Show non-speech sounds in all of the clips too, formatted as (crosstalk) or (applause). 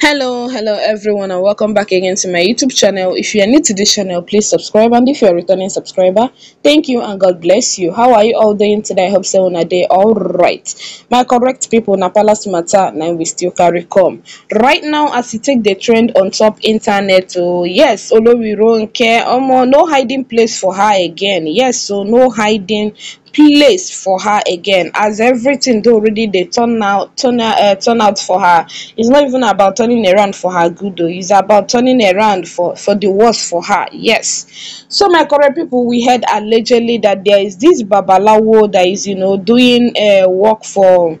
hello hello everyone and welcome back again to my youtube channel if you are new to this channel please subscribe and if you're a returning subscriber thank you and god bless you how are you all doing today i hope so on a day all right my correct people na palace matter now we still carry come right now as you take the trend on top internet oh yes olori ronke omo no hiding place for her again yes so oh, no hiding place for her again as everything already they turn out turn out uh, turn out for her it's not even about turning around for her good though it's about turning around for for the worst for her yes so my correct people we heard allegedly that there is this babalawo that is you know doing uh, work for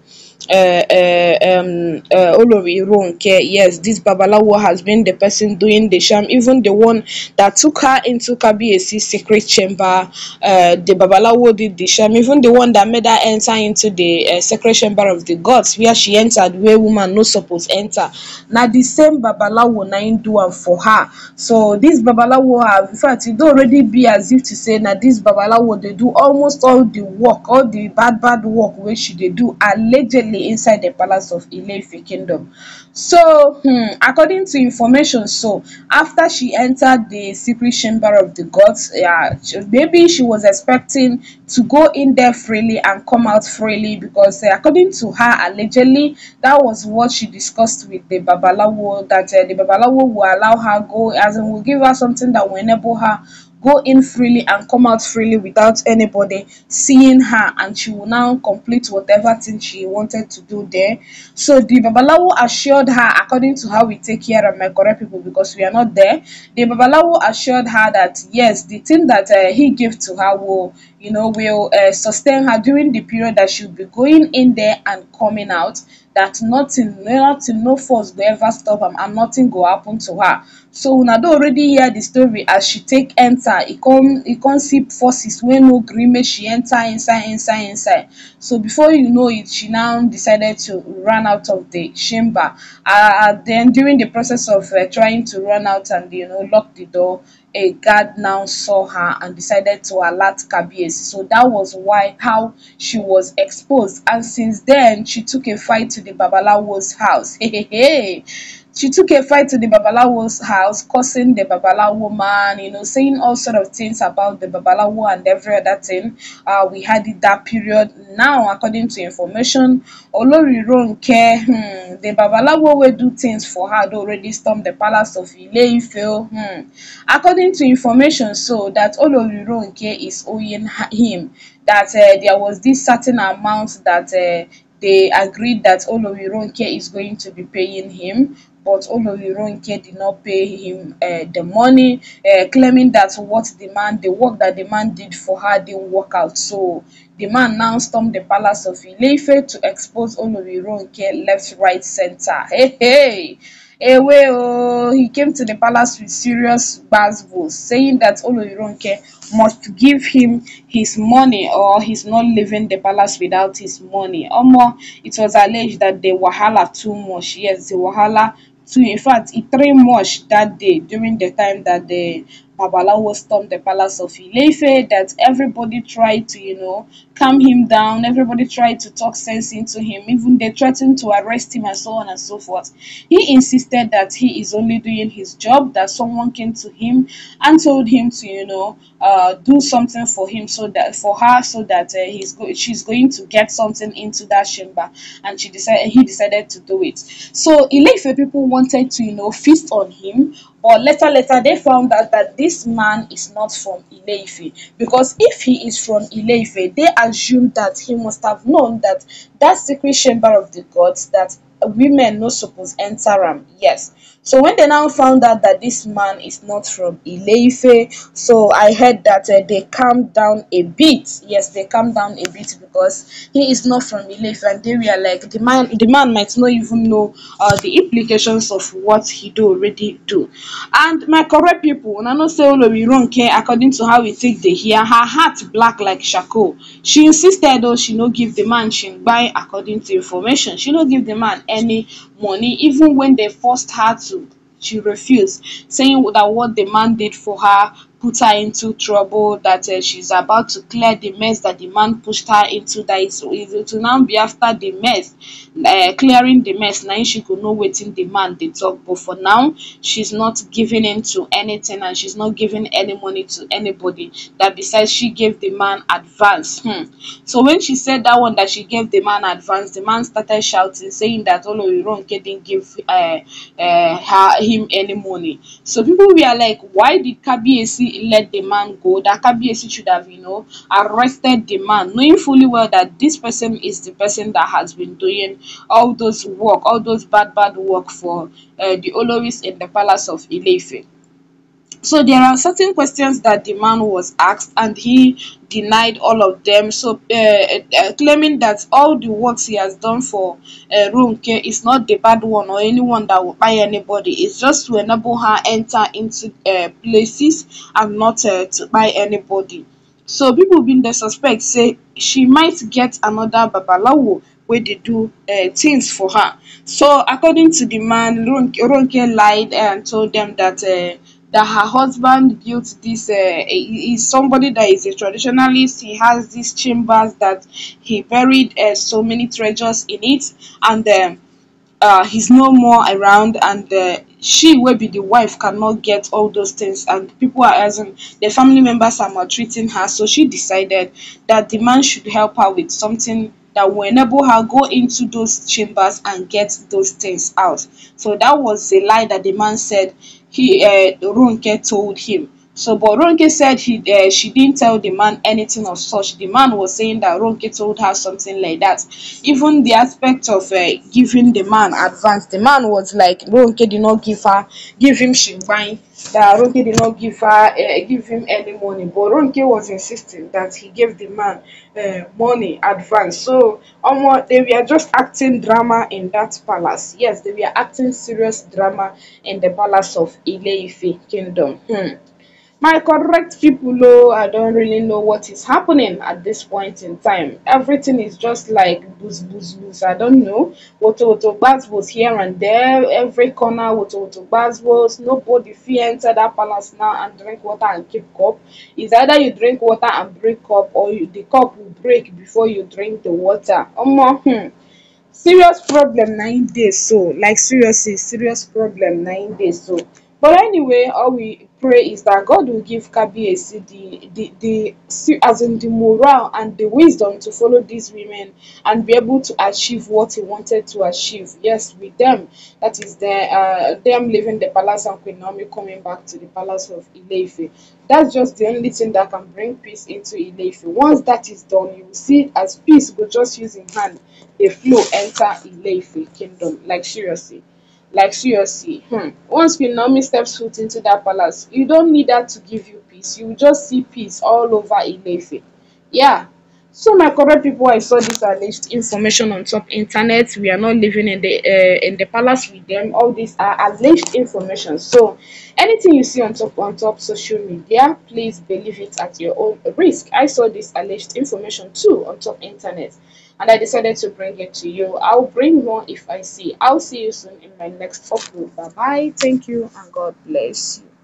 uh, of uh, um, uh, Olori Ronke, yes, this Babalawo has been the person doing the sham, even the one that took her into KBAC's secret chamber. Uh, the Babalawo did the sham, even the one that made her enter into the uh, secret chamber of the gods, where she entered, where woman no supposed enter. Now, the same Babalawo nine do one for her. So, this Babalawo, have, in fact, it already be as if to say, now this Babalawo, they do almost all the work, all the bad, bad work, she they do allegedly be inside the palace of Ilefe kingdom. So, hmm, according to information, so after she entered the secret chamber of the gods, yeah, maybe she was expecting to go in there freely and come out freely because uh, according to her, allegedly, that was what she discussed with the Babalawo, that uh, the Babalawo will allow her go as and will give her something that will enable her go in freely and come out freely without anybody seeing her and she will now complete whatever thing she wanted to do there so the babalawo assured her according to how we take care of my correct people because we are not there the babalawo assured her that yes the thing that uh, he gave to her will you know will uh, sustain her during the period that she'll be going in there and coming out That nothing nothing no force go ever stop am and nothing go happen to her so una don already hear the story as she take enter e come e come see forces wey no gree make she enter inside inside inside so before you know it she now decided to run out of the chamber and ah, ah, then during the process of uh, trying to run out and you know lock the door a guard now saw her and decided to alert Kabiesi. So that was why how she was exposed. And since then, she took a fight to the Babalawo's house. (laughs) Hey, hey, hey she took a fight to the Babalawo's house, cursing the Babalawo man, you know, saying all sort of things about the Babalawo and every other thing. Uh, we had it that period. Now, according to information, Olori Ronke, hmm, the Babalawo will do things for her. They already stormed the palace of Ile-Ife. Hmm. According to information, so that Olori Ronke is owing him that uh, there was this certain amount that uh, they agreed that Olori is going to be paying him but Olorironke did not pay him uh, the money, uh, claiming that what the man, the work that the man did for her didn't work out. So the man now stormed the palace of Ileife to expose Olorironke left, right, center. Hey, hey! hey, oh, he came to the palace with serious basbos, saying that Olorironke must give him his money or he's not leaving the palace without his money. Or more, it was alleged that the Wahala too much. Yes, the Wahala So in fact, it rained much that day during the time that the Babalawo stormed the palace of Ilefe, that everybody tried to, you know, calm him down. Everybody tried to talk sense into him. Even they threatened to arrest him and so on and so forth. He insisted that he is only doing his job, that someone came to him and told him to, you know, uh, do something for him so that for her so that uh, he's go she's going to get something into that chamber and she decided he decided to do it so Ilefe people wanted to you know feast on him or later later they found out that this man is not from Ileife because if he is from Ileife they assumed that he must have known that that secret chamber of the gods that women no suppose enter am yes so when they now found out that this man is not from Ileife so I heard that uh, they calmed down a bit yes they calmed down a bit because he is not from Ileife and they were like the man the man might not even know uh, the implications of what he do already do and my correct people and I know say care according to how we take the hear her heart black like charcoal she insisted though she no give the man she buy according to information she no give the man any money, even when they forced her to. She refused, saying that what the man did for her put her into trouble, that uh, she's about to clear the mess that the man pushed her into, that is, it will now be after the mess, uh, clearing the mess, now she could know waiting the man they talk, but for now, she's not giving in to anything and she's not giving any money to anybody, that besides she gave the man advance. Hmm. So when she said that one that she gave the man advance, the man started shouting, saying that all of Iran didn't give uh, uh, her, him any money. So people were like, why did KBAC let the man go, that KBAC should have, you know, arrested the man, knowing fully well that this person is the person that has been doing all those work, all those bad, bad work for uh, the Oloris in the palace of Ilefe. So there are certain questions that the man was asked, and he denied all of them. So uh, uh, claiming that all the works he has done for uh, Runke is not the bad one or anyone that will buy anybody. It's just to enable her enter into uh, places and not uh, to buy anybody. So people being the suspect say she might get another babalawo where they do uh, things for her. So according to the man, Runke, Runke lied and told them that uh, that her husband built this uh, is somebody that is a traditionalist he has these chambers that he buried uh, so many treasures in it and uh, uh, he's no more around and uh, she will be the wife cannot get all those things and people are asking the family members are maltreating her so she decided that the man should help her with something that will enable her go into those chambers and get those things out so that was a lie that the man said he uh, Runke told him. So, but Ronke said he, uh, she didn't tell the man anything of such. The man was saying that Ronke told her something like that. Even the aspect of uh, giving the man advance, the man was like, Ronke did not give her, give him shimbine. That Ronke did not give her, uh, give him any money. But Ronke was insisting that he gave the man uh, money advance. So, um, they were just acting drama in that palace. Yes, they were acting serious drama in the palace of Ileife Kingdom. Hmm my correct people oh i don't really know what is happening at this point in time everything is just like booze booze booze i don't know what, woto baz was here and there every corner what, woto baz was nobody fit enter that palace now and drink water and keep cup is either you drink water and break cup or you, the cup will break before you drink the water Oh hmm serious problem nine days so like seriously serious problem nine days so but anyway, all we pray is that God will give Kabi the, the, the, as in the morale and the wisdom to follow these women and be able to achieve what he wanted to achieve. Yes, with them. That is the, uh, them leaving the palace and Queen Naomi coming back to the palace of Ileife. That's just the only thing that can bring peace into Ileife. Once that is done, you will see it as peace will just use in hand. a flow enter Ileife kingdom. Like seriously. Like seriously, hmm, once Queen Naomi steps foot into that palace, you don't need that to give you peace. You will just see peace all over Ilefe. Yeah, so my corrupt people i saw this alleged information on top internet we are not living in the uh, in the palace with them all these are alleged information so anything you see on top on top social media please believe it at your own risk i saw this alleged information too on top internet and i decided to bring it to you i'll bring more if i see i'll see you soon in my next upload bye bye thank you and god bless you